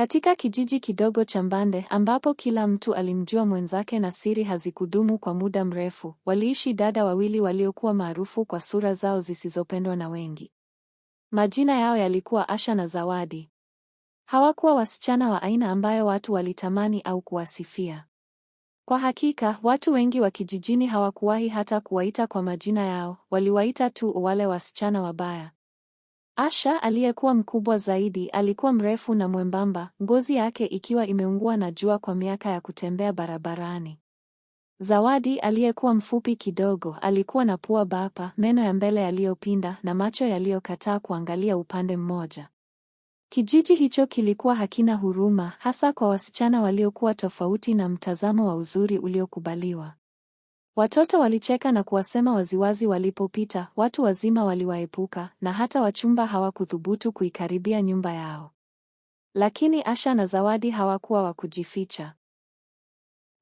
Katika kijiji kidogo cha Mbande ambapo kila mtu alimjua mwenzake na siri hazikudumu kwa muda mrefu, waliishi dada wawili waliokuwa maarufu kwa sura zao zisizopendwa na wengi. Majina yao yalikuwa Asha na Zawadi. Hawakuwa wasichana wa aina ambayo watu walitamani au kuwasifia. Kwa hakika, watu wengi wa kijijini hawakuwahi hata kuwaita kwa majina yao, waliwaita tu wale wasichana wabaya. Asha aliyekuwa mkubwa zaidi alikuwa mrefu na mwembamba, ngozi yake ikiwa imeungua na jua kwa miaka ya kutembea barabarani. Zawadi aliyekuwa mfupi kidogo alikuwa na pua bapa, meno ya mbele yaliyopinda na macho yaliyokataa kuangalia upande mmoja. Kijiji hicho kilikuwa hakina huruma, hasa kwa wasichana waliokuwa tofauti na mtazamo wa uzuri uliokubaliwa. Watoto walicheka na kuwasema waziwazi walipopita, watu wazima waliwaepuka, na hata wachumba hawakuthubutu kuikaribia nyumba yao. Lakini Asha na Zawadi hawakuwa wa kujificha.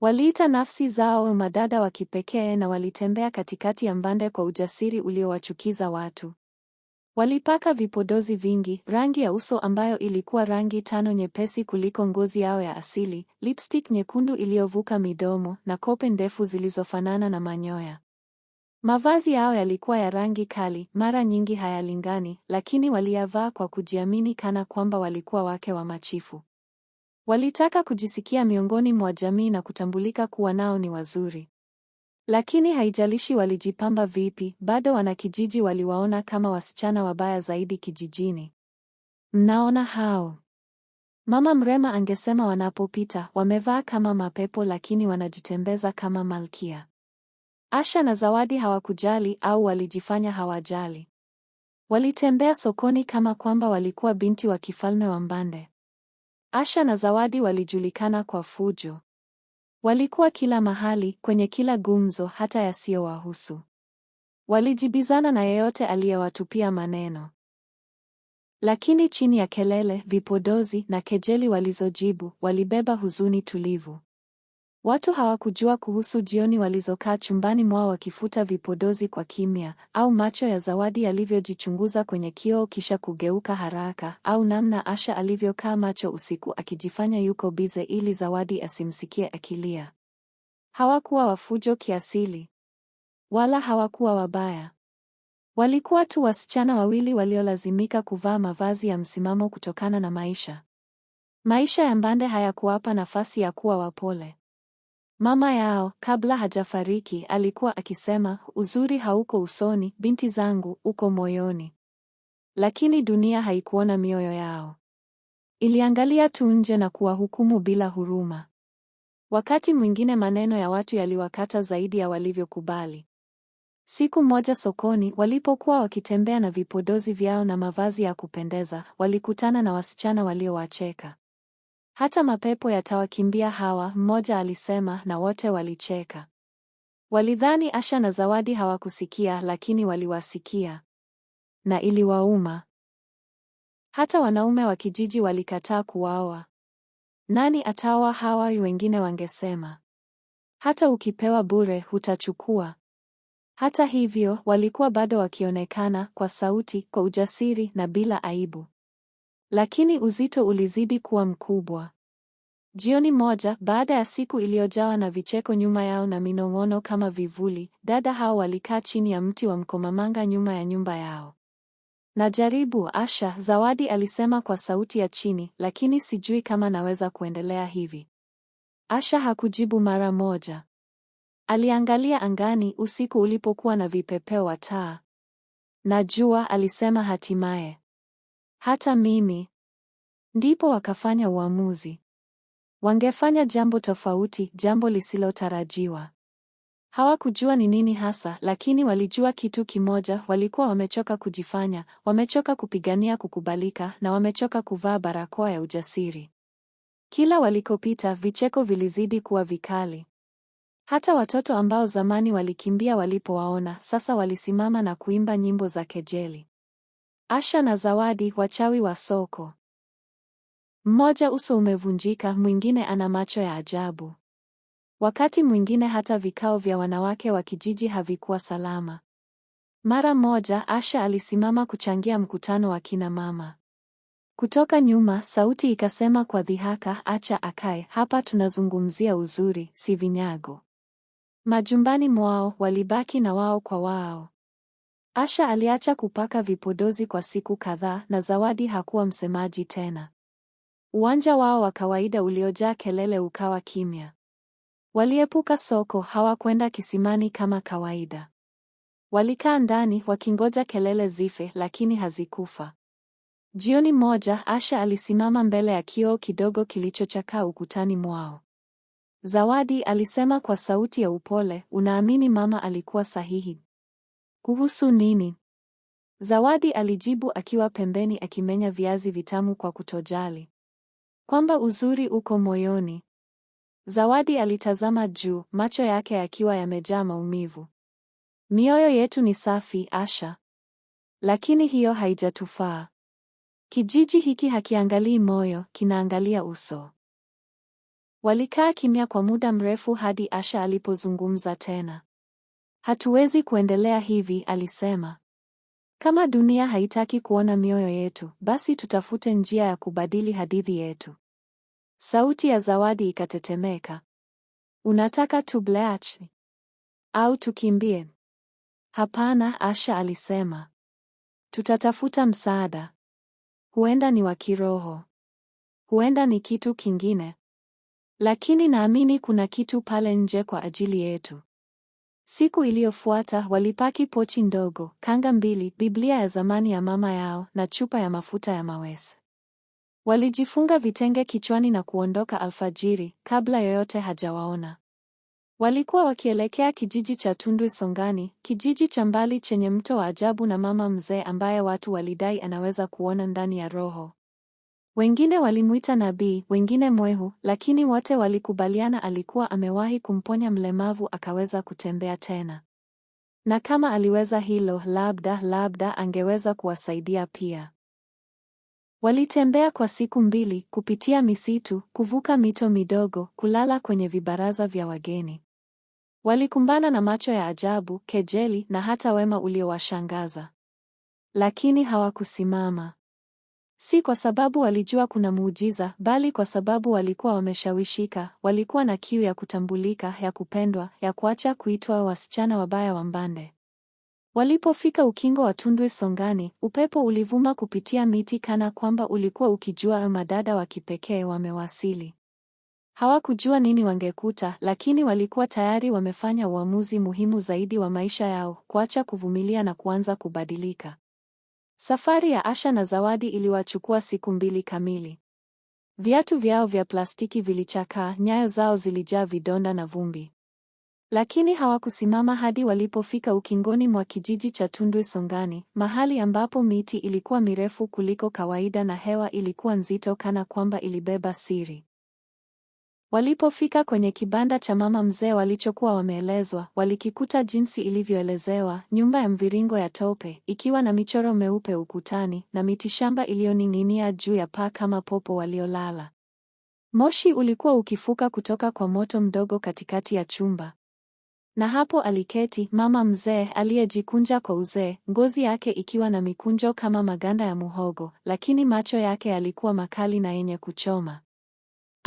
Waliita nafsi zao madada wa kipekee na walitembea katikati ya mbande kwa ujasiri uliowachukiza watu. Walipaka vipodozi vingi, rangi ya uso ambayo ilikuwa rangi tano nyepesi kuliko ngozi yao ya asili, lipstick nyekundu iliyovuka midomo na kope ndefu zilizofanana na manyoya. Mavazi yao yalikuwa ya rangi kali, mara nyingi hayalingani, lakini waliyavaa kwa kujiamini kana kwamba walikuwa wake wa machifu. Walitaka kujisikia miongoni mwa jamii na kutambulika kuwa nao ni wazuri. Lakini haijalishi walijipamba vipi, bado wanakijiji waliwaona kama wasichana wabaya zaidi kijijini. Mnaona hao? Mama Mrema angesema wanapopita, wamevaa kama mapepo lakini wanajitembeza kama malkia. Asha na Zawadi hawakujali au walijifanya hawajali. Walitembea sokoni kama kwamba walikuwa binti wa kifalme wa Mbande. Asha na Zawadi walijulikana kwa fujo. Walikuwa kila mahali, kwenye kila gumzo, hata yasiyowahusu. Walijibizana na yeyote aliyewatupia maneno. Lakini chini ya kelele, vipodozi na kejeli walizojibu, walibeba huzuni tulivu. Watu hawakujua kuhusu jioni walizokaa chumbani mwao wakifuta vipodozi kwa kimya, au macho ya Zawadi yalivyojichunguza kwenye kioo kisha kugeuka haraka, au namna Asha alivyokaa macho usiku akijifanya yuko bize ili Zawadi asimsikie akilia. Hawakuwa wafujo kiasili, wala hawakuwa wabaya. Walikuwa tu wasichana wawili waliolazimika kuvaa mavazi ya msimamo kutokana na maisha. Maisha ya Mbande hayakuwapa nafasi ya kuwa wapole. Mama yao kabla hajafariki alikuwa akisema, uzuri hauko usoni, binti zangu, uko moyoni. Lakini dunia haikuona mioyo yao. Iliangalia tu nje na kuwahukumu bila huruma. Wakati mwingine maneno ya watu yaliwakata zaidi ya walivyokubali. Siku moja sokoni, walipokuwa wakitembea na vipodozi vyao na mavazi ya kupendeza, walikutana na wasichana waliowacheka. Hata mapepo yatawakimbia hawa, mmoja alisema, na wote walicheka. Walidhani Asha na Zawadi hawakusikia, lakini waliwasikia na iliwauma. Hata wanaume wa kijiji walikataa kuwaoa. Nani ataoa hawa? Wengine wangesema hata ukipewa bure hutachukua. Hata hivyo, walikuwa bado wakionekana kwa sauti, kwa ujasiri na bila aibu. Lakini uzito ulizidi kuwa mkubwa. Jioni moja, baada ya siku iliyojawa na vicheko nyuma yao na minong'ono kama vivuli, dada hao walikaa chini ya mti wa mkomamanga nyuma ya nyumba yao. Najaribu Asha, Zawadi alisema kwa sauti ya chini, lakini sijui kama naweza kuendelea hivi. Asha hakujibu mara moja. Aliangalia angani usiku ulipokuwa na vipepeo wa taa. Najua, alisema hatimaye hata mimi. Ndipo wakafanya uamuzi. Wangefanya jambo tofauti, jambo lisilotarajiwa. Hawakujua ni nini hasa, lakini walijua kitu kimoja, walikuwa wamechoka kujifanya, wamechoka kupigania kukubalika na wamechoka kuvaa barakoa ya ujasiri. Kila walikopita vicheko vilizidi kuwa vikali. Hata watoto ambao zamani walikimbia walipowaona, sasa walisimama na kuimba nyimbo za kejeli. Asha na Zawadi wachawi wa soko. Mmoja uso umevunjika, mwingine ana macho ya ajabu. Wakati mwingine hata vikao vya wanawake wa kijiji havikuwa salama. Mara moja Asha alisimama kuchangia mkutano wa kina mama. Kutoka nyuma sauti ikasema kwa dhihaka, acha akae hapa, tunazungumzia uzuri, si vinyago. Majumbani mwao walibaki na wao kwa wao. Asha aliacha kupaka vipodozi kwa siku kadhaa na Zawadi hakuwa msemaji tena. Uwanja wao wa kawaida uliojaa kelele ukawa kimya. Waliepuka soko, hawakwenda kisimani kama kawaida. Walikaa ndani wakingoja kelele zife, lakini hazikufa. Jioni moja, Asha alisimama mbele ya kioo kidogo kilichochakaa ukutani mwao. Zawadi alisema kwa sauti ya upole, unaamini mama alikuwa sahihi? Kuhusu nini? Zawadi alijibu akiwa pembeni akimenya viazi vitamu kwa kutojali. Kwamba uzuri uko moyoni. Zawadi alitazama juu, macho yake yakiwa yamejaa maumivu. Mioyo yetu ni safi, Asha. Lakini hiyo haijatufaa. Kijiji hiki hakiangalii moyo, kinaangalia uso. Walikaa kimya kwa muda mrefu hadi Asha alipozungumza tena. Hatuwezi kuendelea hivi, alisema. Kama dunia haitaki kuona mioyo yetu, basi tutafute njia ya kubadili hadithi yetu. Sauti ya Zawadi ikatetemeka. Unataka tubleach au tukimbie? Hapana, Asha alisema. Tutatafuta msaada. Huenda ni wa kiroho. Huenda ni kitu kingine. Lakini naamini kuna kitu pale nje kwa ajili yetu. Siku iliyofuata walipaki pochi ndogo, kanga mbili, Biblia ya zamani ya mama yao na chupa ya mafuta ya mawese. Walijifunga vitenge kichwani na kuondoka alfajiri kabla yoyote hajawaona. Walikuwa wakielekea kijiji cha Tundwe Songani, kijiji cha mbali chenye mto wa ajabu na mama mzee ambaye watu walidai anaweza kuona ndani ya roho. Wengine walimwita nabii, wengine mwehu, lakini wote walikubaliana alikuwa amewahi kumponya mlemavu akaweza kutembea tena. Na kama aliweza hilo, labda labda angeweza kuwasaidia pia. Walitembea kwa siku mbili, kupitia misitu, kuvuka mito midogo, kulala kwenye vibaraza vya wageni. Walikumbana na macho ya ajabu, kejeli na hata wema uliowashangaza. Lakini hawakusimama. Si kwa sababu walijua kuna muujiza, bali kwa sababu walikuwa wameshawishika, walikuwa na kiu ya kutambulika, ya kupendwa, ya kuacha kuitwa wasichana wabaya wa Mbande. Walipofika ukingo wa Tundwe Songani, upepo ulivuma kupitia miti kana kwamba ulikuwa ukijua madada wa kipekee wamewasili. Hawakujua nini wangekuta, lakini walikuwa tayari wamefanya uamuzi muhimu zaidi wa maisha yao, kuacha kuvumilia na kuanza kubadilika. Safari ya Asha na Zawadi iliwachukua siku mbili kamili. Viatu vyao vya plastiki vilichakaa, nyayo zao zilijaa vidonda na vumbi. Lakini hawakusimama hadi walipofika ukingoni mwa kijiji cha Tundwe Songani, mahali ambapo miti ilikuwa mirefu kuliko kawaida na hewa ilikuwa nzito kana kwamba ilibeba siri. Walipofika kwenye kibanda cha mama mzee walichokuwa wameelezwa, walikikuta jinsi ilivyoelezewa, nyumba ya mviringo ya tope ikiwa na michoro meupe ukutani na mitishamba iliyoning'inia juu ya paa kama popo waliolala. Moshi ulikuwa ukifuka kutoka kwa moto mdogo katikati ya chumba. Na hapo aliketi mama mzee aliyejikunja kwa uzee, ngozi yake ikiwa na mikunjo kama maganda ya muhogo, lakini macho yake yalikuwa makali na yenye kuchoma.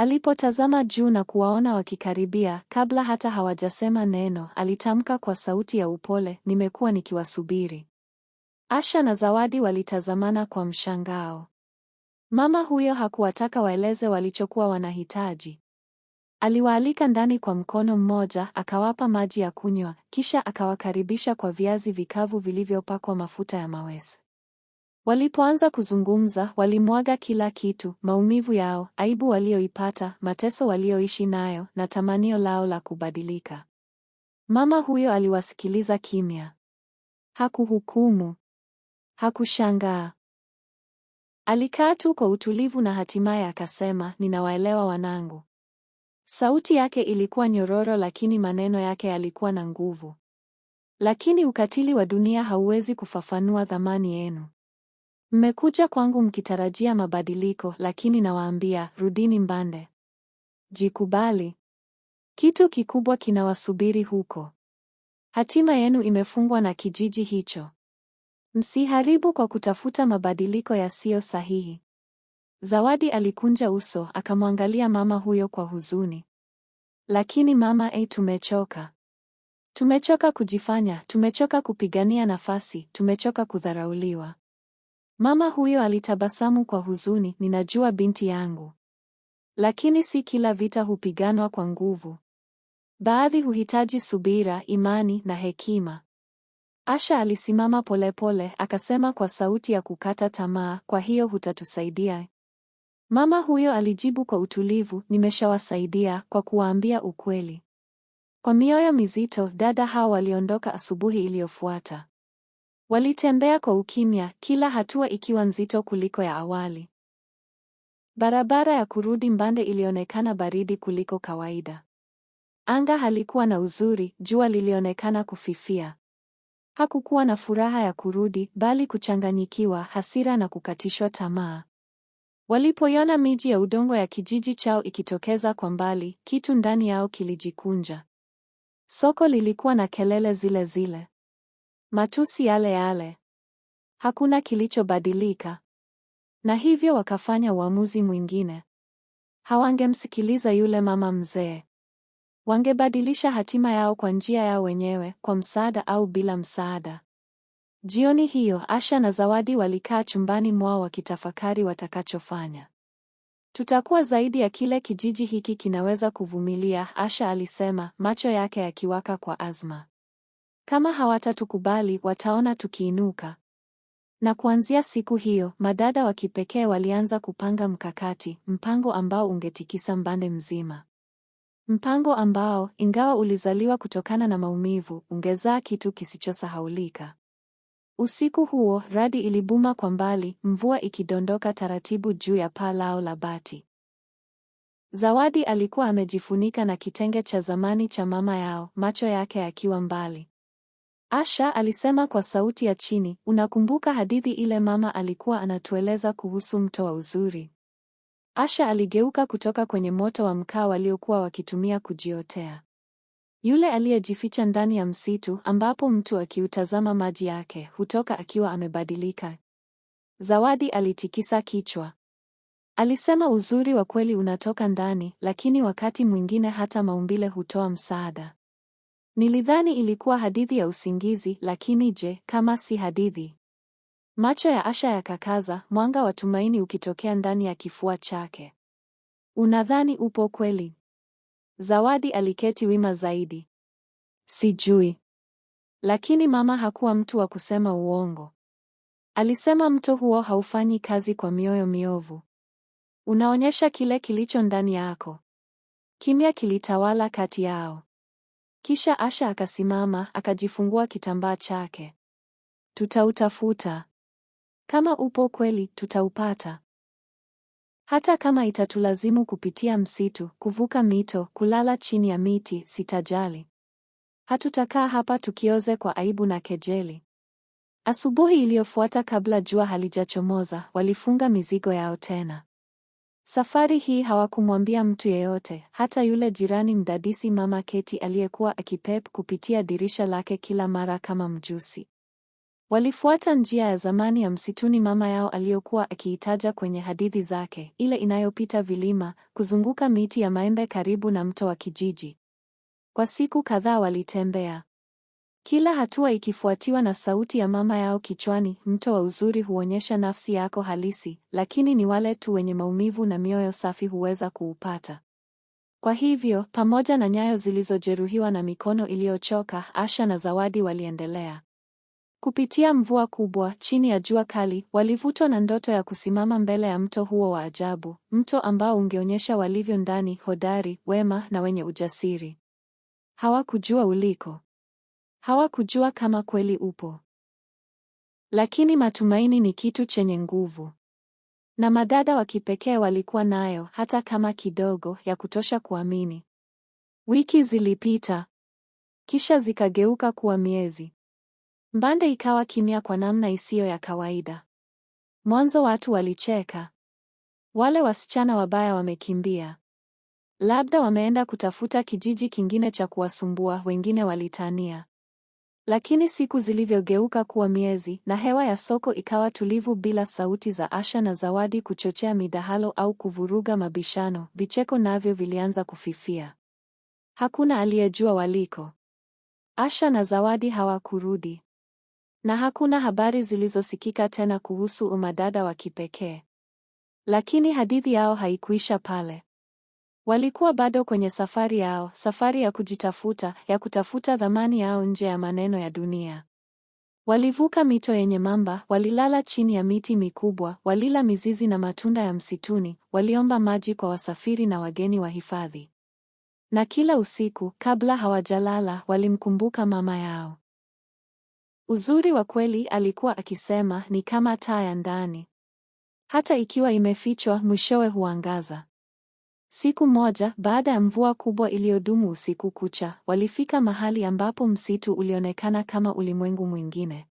Alipotazama juu na kuwaona wakikaribia, kabla hata hawajasema neno, alitamka kwa sauti ya upole, nimekuwa nikiwasubiri. Asha na Zawadi walitazamana kwa mshangao. Mama huyo hakuwataka waeleze walichokuwa wanahitaji. Aliwaalika ndani kwa mkono mmoja, akawapa maji ya kunywa, kisha akawakaribisha kwa viazi vikavu vilivyopakwa mafuta ya mawese. Walipoanza kuzungumza, walimwaga kila kitu, maumivu yao, aibu walioipata, mateso walioishi nayo na tamanio lao la kubadilika. Mama huyo aliwasikiliza kimya. Hakuhukumu. Hakushangaa. Alikaa tu kwa utulivu na hatimaye akasema, "Ninawaelewa wanangu." Sauti yake ilikuwa nyororo lakini maneno yake yalikuwa na nguvu. Lakini ukatili wa dunia hauwezi kufafanua thamani yenu. Mmekuja kwangu mkitarajia mabadiliko, lakini nawaambia rudini mbande. Jikubali. Kitu kikubwa kinawasubiri huko. Hatima yenu imefungwa na kijiji hicho. Msiharibu kwa kutafuta mabadiliko yasiyo sahihi. Zawadi alikunja uso akamwangalia mama huyo kwa huzuni. Lakini mama, ei, tumechoka. Tumechoka kujifanya, tumechoka kupigania nafasi, tumechoka kudharauliwa. Mama huyo alitabasamu kwa huzuni, ninajua binti yangu. Lakini si kila vita hupiganwa kwa nguvu. Baadhi huhitaji subira, imani na hekima. Asha alisimama polepole pole, akasema kwa sauti ya kukata tamaa, kwa hiyo hutatusaidia? Mama huyo alijibu kwa utulivu, nimeshawasaidia kwa kuwaambia ukweli. Kwa mioyo mizito, dada hao waliondoka asubuhi iliyofuata. Walitembea kwa ukimya, kila hatua ikiwa nzito kuliko ya awali. Barabara ya kurudi Mbande ilionekana baridi kuliko kawaida. Anga halikuwa na uzuri, jua lilionekana kufifia. Hakukuwa na furaha ya kurudi, bali kuchanganyikiwa, hasira na kukatishwa tamaa. Walipoiona miji ya udongo ya kijiji chao ikitokeza kwa mbali, kitu ndani yao kilijikunja. Soko lilikuwa na kelele zile zile. Matusi yale yale. Hakuna kilichobadilika. Na hivyo wakafanya uamuzi mwingine. Hawangemsikiliza yule mama mzee. Wangebadilisha hatima yao kwa njia yao wenyewe, kwa msaada au bila msaada. Jioni hiyo Asha na Zawadi walikaa chumbani mwao wakitafakari watakachofanya. Tutakuwa zaidi ya kile kijiji hiki kinaweza kuvumilia, Asha alisema, macho yake yakiwaka kwa azma. Kama hawatatukubali wataona tukiinuka. Na kuanzia siku hiyo, madada wa kipekee walianza kupanga mkakati, mpango ambao ungetikisa Mbande mzima. Mpango ambao, ingawa ulizaliwa kutokana na maumivu, ungezaa kitu kisichosahaulika. Usiku huo, radi ilibuma kwa mbali, mvua ikidondoka taratibu juu ya paa lao la bati. Zawadi alikuwa amejifunika na kitenge cha zamani cha mama yao, macho yake yakiwa mbali. Asha alisema kwa sauti ya chini, unakumbuka hadithi ile mama alikuwa anatueleza kuhusu mto wa uzuri? Asha aligeuka kutoka kwenye moto wa mkaa waliokuwa wakitumia kujiotea. Yule aliyejificha ndani ya msitu ambapo mtu akiutazama maji yake hutoka akiwa amebadilika. Zawadi alitikisa kichwa. Alisema uzuri wa kweli unatoka ndani, lakini wakati mwingine hata maumbile hutoa msaada. Nilidhani ilikuwa hadithi ya usingizi, lakini je, kama si hadithi? Macho ya Asha yakakaza, mwanga wa tumaini ukitokea ndani ya kifua chake. Unadhani upo kweli? Zawadi aliketi wima zaidi. Sijui. Lakini mama hakuwa mtu wa kusema uongo. Alisema mto huo haufanyi kazi kwa mioyo miovu. Unaonyesha kile kilicho ndani yako. Kimya kilitawala kati yao. Kisha Asha akasimama, akajifungua kitambaa chake. Tutautafuta. Kama upo kweli, tutaupata. Hata kama itatulazimu kupitia msitu, kuvuka mito, kulala chini ya miti, sitajali. Hatutakaa hapa tukioze kwa aibu na kejeli. Asubuhi iliyofuata, kabla jua halijachomoza, walifunga mizigo yao tena. Safari hii hawakumwambia mtu yeyote, hata yule jirani mdadisi Mama Keti aliyekuwa akipep kupitia dirisha lake kila mara kama mjusi. Walifuata njia ya zamani ya msituni mama yao aliyokuwa akiitaja kwenye hadithi zake, ile inayopita vilima, kuzunguka miti ya maembe karibu na mto wa kijiji. Kwa siku kadhaa walitembea. Kila hatua ikifuatiwa na sauti ya mama yao kichwani. Mto wa uzuri huonyesha nafsi yako halisi, lakini ni wale tu wenye maumivu na mioyo safi huweza kuupata. Kwa hivyo, pamoja na nyayo zilizojeruhiwa na mikono iliyochoka, Asha na Zawadi waliendelea. Kupitia mvua kubwa, chini ya jua kali, walivutwa na ndoto ya kusimama mbele ya mto huo wa ajabu, mto ambao ungeonyesha walivyo ndani, hodari, wema na wenye ujasiri. Hawakujua uliko. Hawakujua kama kweli upo. Lakini matumaini ni kitu chenye nguvu, na madada wa kipekee walikuwa nayo, hata kama kidogo, ya kutosha kuamini. Wiki zilipita, kisha zikageuka kuwa miezi. Mbande ikawa kimya kwa namna isiyo ya kawaida. Mwanzo watu walicheka, wale wasichana wabaya wamekimbia, labda wameenda kutafuta kijiji kingine cha kuwasumbua, wengine walitania. Lakini siku zilivyogeuka kuwa miezi na hewa ya soko ikawa tulivu bila sauti za Asha na Zawadi kuchochea midahalo au kuvuruga mabishano, vicheko navyo vilianza kufifia. Hakuna aliyejua waliko. Asha na Zawadi hawakurudi. Na hakuna habari zilizosikika tena kuhusu umadada wa kipekee. Lakini hadithi yao haikuisha pale. Walikuwa bado kwenye safari yao, safari ya kujitafuta, ya kutafuta thamani yao nje ya maneno ya dunia. Walivuka mito yenye mamba, walilala chini ya miti mikubwa, walila mizizi na matunda ya msituni, waliomba maji kwa wasafiri na wageni wa hifadhi. Na kila usiku kabla hawajalala, walimkumbuka mama yao. Uzuri wa kweli, alikuwa akisema, ni kama taa ya ndani. Hata ikiwa imefichwa, mwishowe huangaza. Siku moja baada ya mvua kubwa iliyodumu usiku kucha, walifika mahali ambapo msitu ulionekana kama ulimwengu mwingine.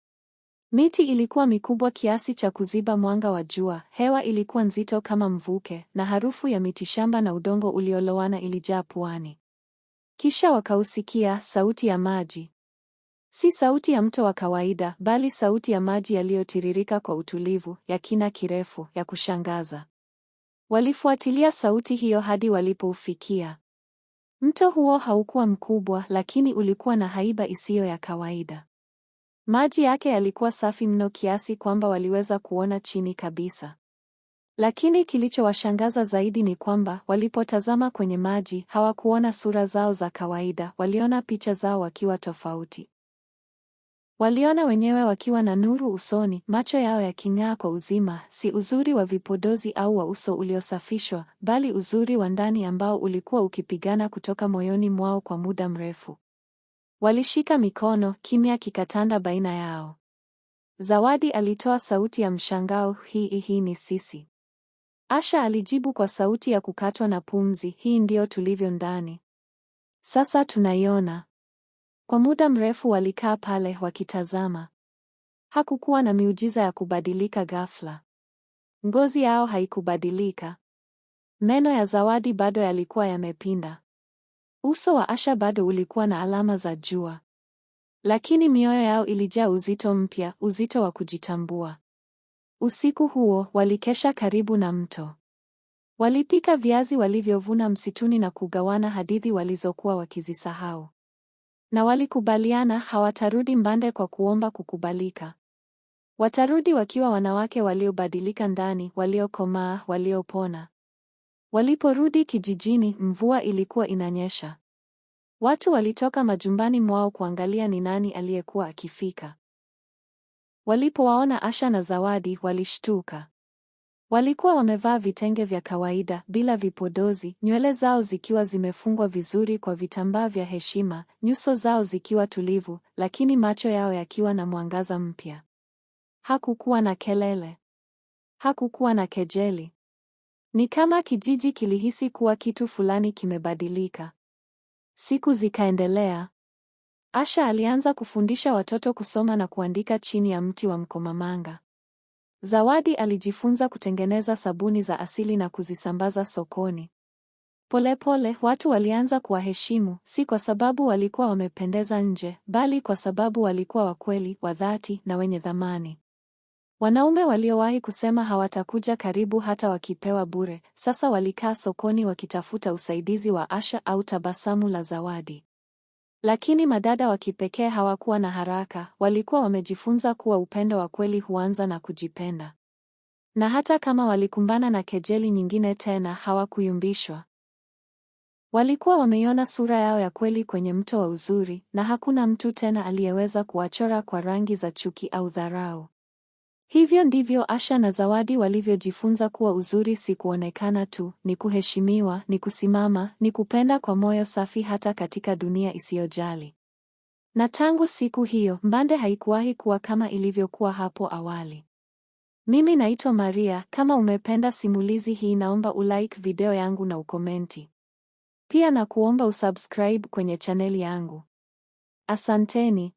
Miti ilikuwa mikubwa kiasi cha kuziba mwanga wa jua, hewa ilikuwa nzito kama mvuke, na harufu ya mitishamba na udongo uliolowana ilijaa puani. Kisha wakausikia sauti ya maji. Si sauti ya mto wa kawaida, bali sauti ya maji yaliyotiririka kwa utulivu, ya kina kirefu, ya kushangaza. Walifuatilia sauti hiyo hadi walipoufikia. Mto huo haukuwa mkubwa, lakini ulikuwa na haiba isiyo ya kawaida. Maji yake yalikuwa safi mno kiasi kwamba waliweza kuona chini kabisa. Lakini kilichowashangaza zaidi ni kwamba walipotazama kwenye maji, hawakuona sura zao za kawaida, waliona picha zao wakiwa tofauti. Waliona wenyewe wakiwa na nuru usoni, macho yao yaking'aa kwa uzima, si uzuri wa vipodozi au wa uso uliosafishwa, bali uzuri wa ndani ambao ulikuwa ukipigana kutoka moyoni mwao kwa muda mrefu. Walishika mikono, kimya kikatanda baina yao. Zawadi alitoa sauti ya mshangao, hii hii ni sisi. Asha alijibu kwa sauti ya kukatwa na pumzi, hii ndio tulivyo ndani. Sasa tunaiona. Kwa muda mrefu walikaa pale wakitazama. Hakukuwa na miujiza ya kubadilika ghafla. Ngozi yao haikubadilika. Meno ya Zawadi bado yalikuwa yamepinda. Uso wa Asha bado ulikuwa na alama za jua. Lakini mioyo yao ilijaa uzito mpya, uzito wa kujitambua. Usiku huo walikesha karibu na mto. Walipika viazi walivyovuna msituni na kugawana hadithi walizokuwa wakizisahau na walikubaliana hawatarudi Mbande kwa kuomba kukubalika. Watarudi wakiwa wanawake waliobadilika ndani, waliokomaa, waliopona. Waliporudi kijijini, mvua ilikuwa inanyesha. Watu walitoka majumbani mwao kuangalia ni nani aliyekuwa akifika. Walipowaona Asha na Zawadi walishtuka. Walikuwa wamevaa vitenge vya kawaida bila vipodozi, nywele zao zikiwa zimefungwa vizuri kwa vitambaa vya heshima, nyuso zao zikiwa tulivu, lakini macho yao yakiwa na mwangaza mpya. Hakukuwa na kelele, hakukuwa na kejeli. Ni kama kijiji kilihisi kuwa kitu fulani kimebadilika. Siku zikaendelea. Asha alianza kufundisha watoto kusoma na kuandika chini ya mti wa mkomamanga. Zawadi alijifunza kutengeneza sabuni za asili na kuzisambaza sokoni. Polepole pole, watu walianza kuwaheshimu, si kwa sababu walikuwa wamependeza nje, bali kwa sababu walikuwa wakweli, wa dhati na wenye thamani. Wanaume waliowahi kusema hawatakuja karibu hata wakipewa bure, sasa walikaa sokoni wakitafuta usaidizi wa Asha au tabasamu la Zawadi. Lakini madada wa kipekee hawakuwa na haraka, walikuwa wamejifunza kuwa upendo wa kweli huanza na kujipenda. Na hata kama walikumbana na kejeli nyingine tena, hawakuyumbishwa. Walikuwa wameiona sura yao ya kweli kwenye mto wa uzuri, na hakuna mtu tena aliyeweza kuwachora kwa rangi za chuki au dharau. Hivyo ndivyo Asha na Zawadi walivyojifunza kuwa uzuri si kuonekana tu, ni kuheshimiwa, ni kusimama, ni kupenda kwa moyo safi hata katika dunia isiyojali. Na tangu siku hiyo, Mbande haikuwahi kuwa kama ilivyokuwa hapo awali. Mimi naitwa Maria. Kama umependa simulizi hii, naomba ulike video yangu na ukomenti. Pia na kuomba usubscribe kwenye chaneli yangu. Asanteni.